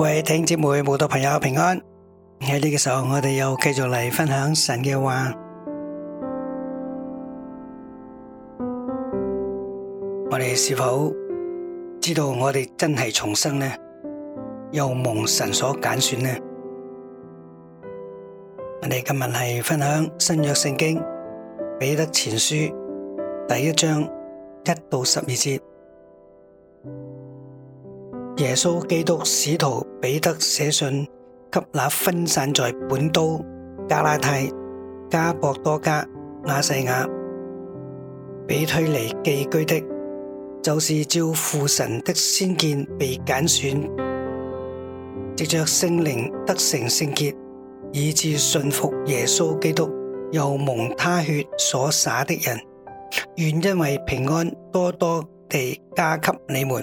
各位聽眾朋友平安。喺呢個時候，我哋又繼續嚟分享神嘅話。我哋是否知道我哋真係重生呢？又蒙神所揀選呢？我哋今日係分享新約聖經彼得前書第一章一到十二節。耶穌基督使徒彼得寫信給那分散在本都、加拉太、加博多加、亞細亞、比推尼寄居的，就是照父神的先見被揀選、藉着聖靈得成聖潔，以致信服耶穌基督又蒙他血所灑的人，願因為平安多多地加給你們。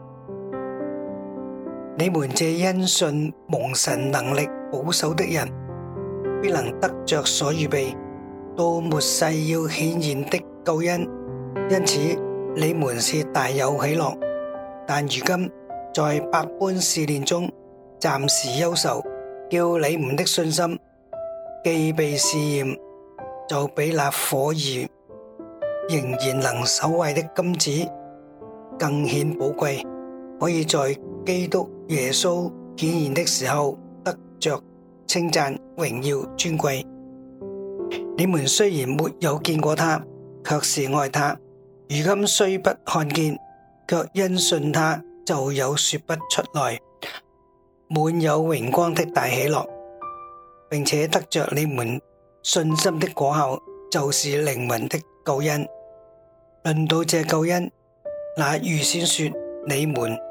你們這因信蒙神能力保守的人，必能得着所預備到末世要顯現的救恩。因此，你們是大有喜樂。但如今在百般試煉中，暫時憂愁，叫你們的信心既被試驗，就比那火焰仍然能守衛的金子更顯寶貴，可以在。基督耶穌顯現的時候，得着稱讚、榮耀、尊貴。你們雖然沒有見過他，卻是愛他。如今雖不看見，卻因信他就有說不出來滿有榮光的大喜樂，並且得着你們信心的果效，就是靈魂的救恩。論到這救恩，那預先說你們。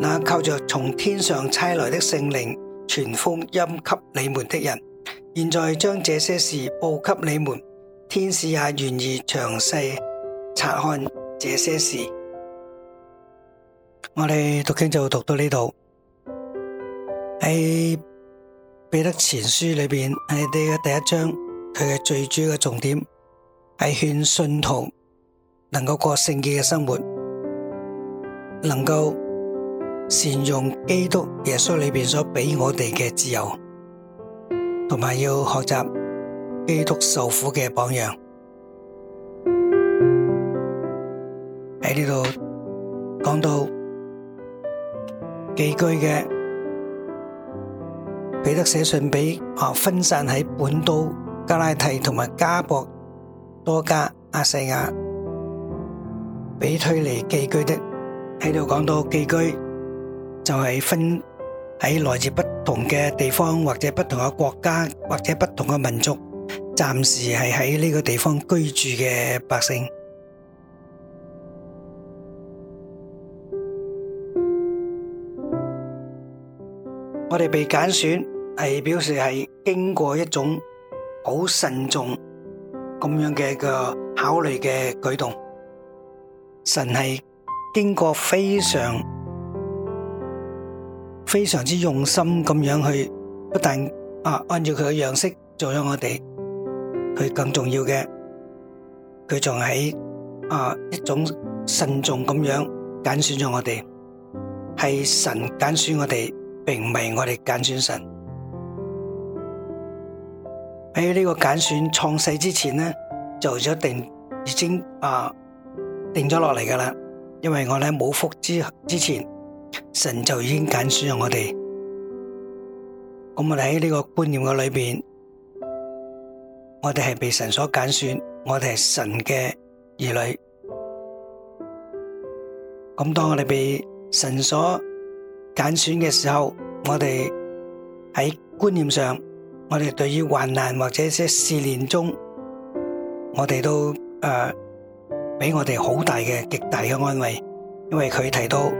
那靠着從天上差來的聖靈傳福音給你們的人，現在將這些事報給你們，天使也願意詳細察看這些事。我哋讀經就讀到呢度喺彼得前書裏面佢哋嘅第一章，佢嘅最主要嘅重點係勸信徒能夠過聖潔嘅生活，能夠。善用基督耶穌裏面所俾我哋嘅自由，同埋要學習基督受苦嘅榜樣。喺呢度講到寄居嘅彼得寫信俾啊分散喺本都加拉提同埋加博多加亞西亞，俾推離寄居的喺度講到寄居。就係分喺來自不同嘅地方，或者不同嘅國家，或者不同嘅民族，暫時係喺呢個地方居住嘅百姓。我哋被揀選，係表示係經過一種好慎重咁樣嘅一個考慮嘅舉動。神係經過非常。非常之用心咁樣去，不但啊按照佢嘅樣式做咗我哋，佢更重要嘅，佢仲喺啊一種慎重咁樣揀選咗我哋，係神揀選我哋，並唔係我哋揀選神。喺呢個揀選創世之前咧，就一定已經啊定咗落嚟噶啦，因為我咧冇福之之前。神就已經揀選咗我哋，咁我哋喺呢個觀念嘅裏邊，我哋係被神所揀選，我哋係神嘅兒女。咁當我哋被神所揀選嘅時候，我哋喺觀念上，我哋對於患難或者一些試煉中，我哋都誒俾、呃、我哋好大嘅極大嘅安慰，因為佢提到。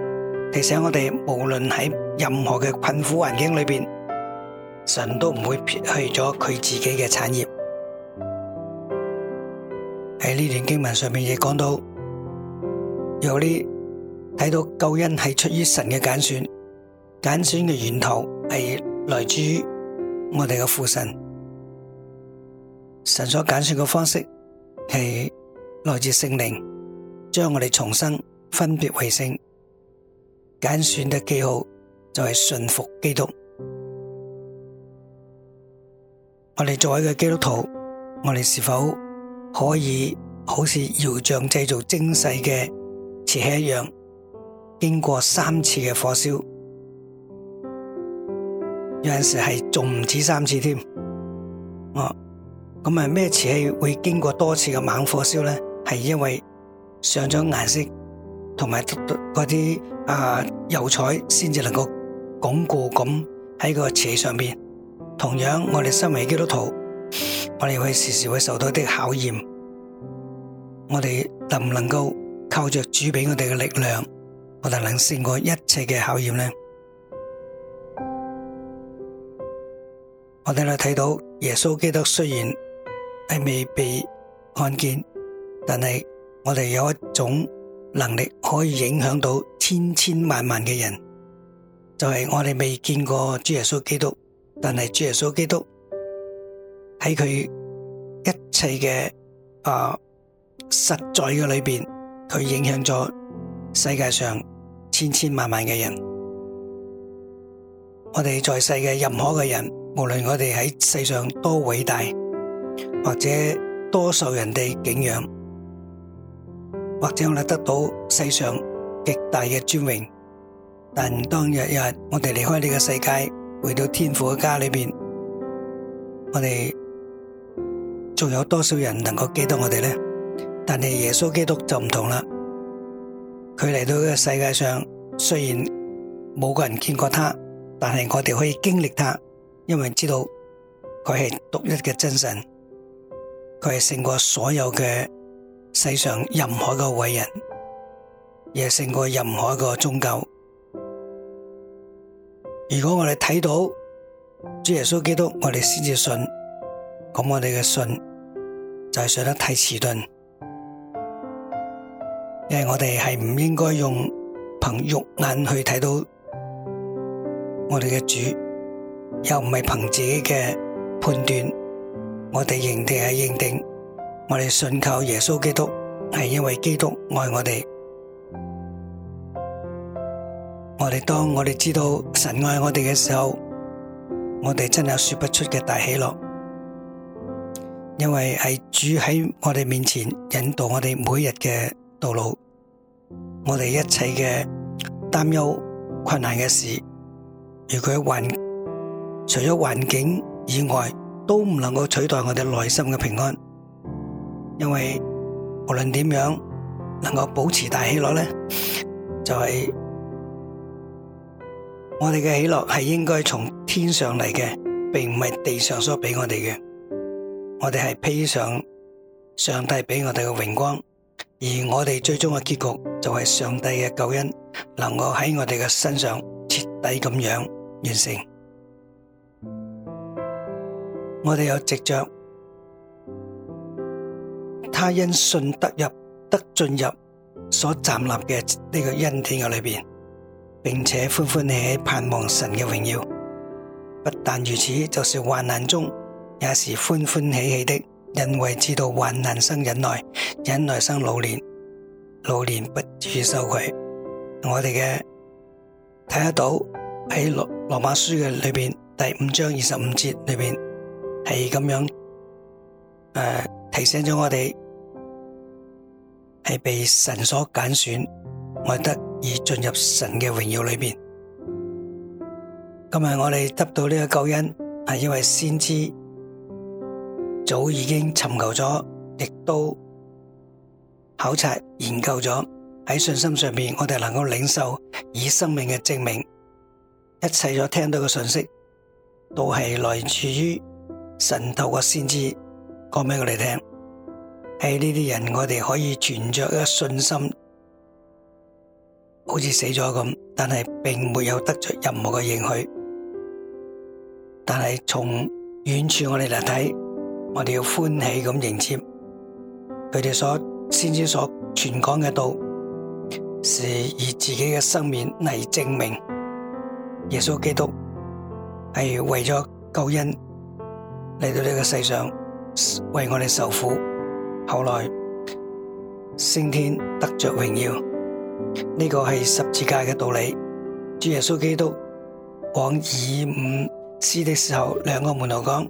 提醒我哋，無論喺任何嘅困苦環境裏邊，神都唔會撇去咗佢自己嘅產業。喺呢段經文上面亦講到，有啲睇到救恩係出於神嘅揀選，揀選嘅源頭係來自於我哋嘅父神，神所揀選嘅方式係來自聖靈，將我哋重生，分別為聖。揀選嘅記號，就係、是、信服基督。我哋作為嘅基督徒，我哋是否可以好似窯匠製造精細嘅瓷器一樣，經過三次嘅火燒？有陣時係仲唔止三次添。我咁啊，咩瓷器會經過多次嘅猛火燒呢？係因為上咗顏色。同埋嗰啲啊油彩，先至能夠鞏固咁喺個斜上邊。同樣，我哋身為基督徒，我哋會時時會受到一啲考驗。我哋能唔能夠靠着主俾我哋嘅力量，我哋能勝過一切嘅考驗咧？我哋咧睇到耶穌基督雖然係未被看見，但係我哋有一種。能力可以影響到千千萬萬嘅人，就係、是、我哋未見過主耶穌基督，但係主耶穌基督喺佢一切嘅啊實在嘅裏邊，佢影響咗世界上千千萬萬嘅人。我哋在世嘅任何嘅人，無論我哋喺世上多偉大，或者多受人哋敬仰，或者我哋得到世上極大嘅尊榮，但當日日我哋離開呢個世界，回到天父嘅家裏邊，我哋仲有多少人能夠記得我哋呢？但係耶穌基督就唔同啦，佢嚟到呢個世界上，雖然冇個人見過他，但係我哋可以經歷他，因為知道佢係獨一嘅真神，佢係勝過所有嘅。世上任何一個偉人，亦係勝過任何一個宗教。如果我哋睇到主耶穌基督，我哋先至信，咁我哋嘅信就係上得太遲鈍。因為我哋係唔應該用憑肉眼去睇到我哋嘅主，又唔係憑自己嘅判斷，我哋認定係認定。我哋信靠耶穌基督，係因為基督愛我哋。我哋當我哋知道神愛我哋嘅時候，我哋真係有說不出嘅大喜樂，因為係主喺我哋面前引導我哋每日嘅道路，我哋一切嘅擔憂、困難嘅事，如果環除咗環境以外，都唔能夠取代我哋內心嘅平安。因為無論點樣，能夠保持大喜樂呢，就係我哋嘅喜樂係應該從天上嚟嘅，並唔係地上所畀我哋嘅。我哋係披上上帝畀我哋嘅榮光，而我哋最終嘅結局就係上帝嘅救恩能夠喺我哋嘅身上徹底咁樣完成。我哋有直着。他因信得入，得進入所站立嘅呢個恩典嘅裏邊，並且歡歡喜喜盼望神嘅榮耀。不但如此，就是患難中也是歡歡喜喜的，因為知道患難生忍耐，忍耐生老練，老練不至羞愧。我哋嘅睇得到喺羅馬書嘅裏邊第五章二十五節裏邊係咁樣誒、呃、提醒咗我哋。係被神所揀選，我得以進入神嘅榮耀裏面。今日我哋得到呢個救恩，係因為先知早已經尋求咗，亦都考察研究咗喺信心上面，我哋能夠領受以生命嘅證明。一切所聽到嘅信息，都係來自於神透過先知講俾我哋聽。喺呢啲人，我哋可以存着一個信心，好似死咗咁，但係並沒有得出任何嘅認許。但係從遠處我哋嚟睇，我哋要歡喜咁迎接佢哋所先知所傳講嘅道，是以自己嘅生命嚟證明耶穌基督係為咗救恩嚟到呢個世上，為我哋受苦。後來升天得着榮耀，呢、這個係十字架嘅道理。主耶穌基督往以馬忤斯的時候，兩個門徒講：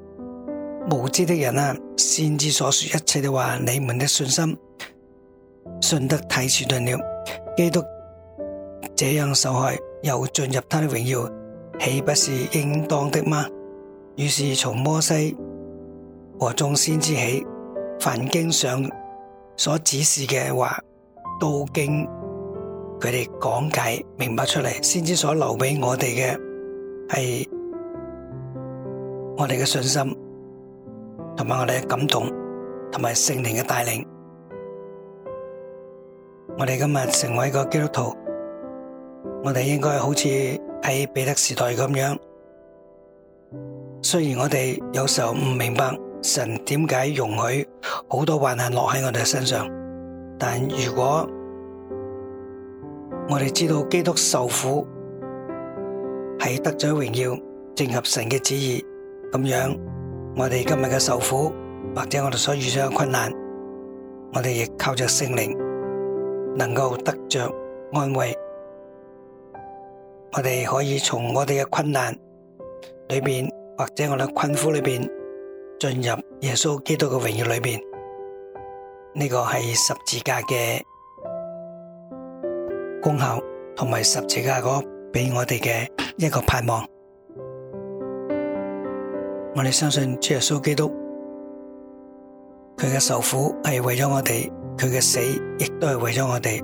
無知的人啊，先知所說一切的話，你們的信心信得太遲鈍了。基督這樣受害，又進入他的榮耀，豈不是應當的嗎？於是從摩西和眾先知起。凡經上所指示嘅話，都經佢哋講解明白出嚟，先至所留畀我哋嘅係我哋嘅信心，同埋我哋嘅感動，同埋聖靈嘅帶領。我哋今日成為一個基督徒，我哋應該好似喺彼得時代咁樣，雖然我哋有時候唔明白。神點解容許好多患難落喺我哋身上？但如果我哋知道基督受苦係得咗榮耀，正合神嘅旨意，咁樣我哋今日嘅受苦或者我哋所遇上嘅困難，我哋亦靠着聖靈能夠得着安慰，我哋可以從我哋嘅困難裏邊或者我哋嘅困苦裏邊。進入耶穌基督嘅榮耀裏邊，呢個係十字架嘅功效，同埋十字架嗰個俾我哋嘅一個盼望。我哋相信，主耶穌基督，佢嘅受苦係為咗我哋，佢嘅死亦都係為咗我哋。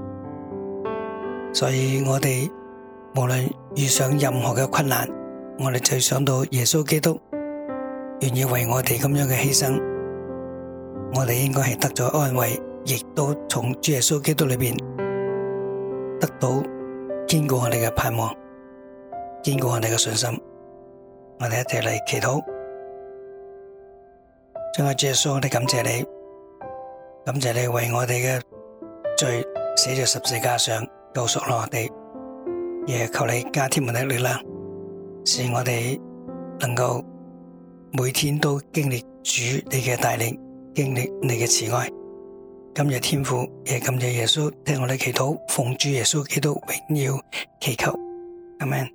所以我哋無論遇上任何嘅困難，我哋就想到耶穌基督。願意為我哋咁樣嘅犧牲，我哋應該係得咗安慰，亦都從主耶穌基督裏邊得到堅固我哋嘅盼望，堅固我哋嘅信心。我哋一齊嚟祈禱，將阿耶穌，我哋感謝你，感謝你為我哋嘅罪死在十字架上，救贖我哋。也求你加添門嘅力量，使我哋能夠。每天都經歷主你嘅帶領，經歷你嘅慈愛。今日天，天父，也感謝耶穌，聽我哋祈禱，奉主耶穌基督榮耀祈求，阿們。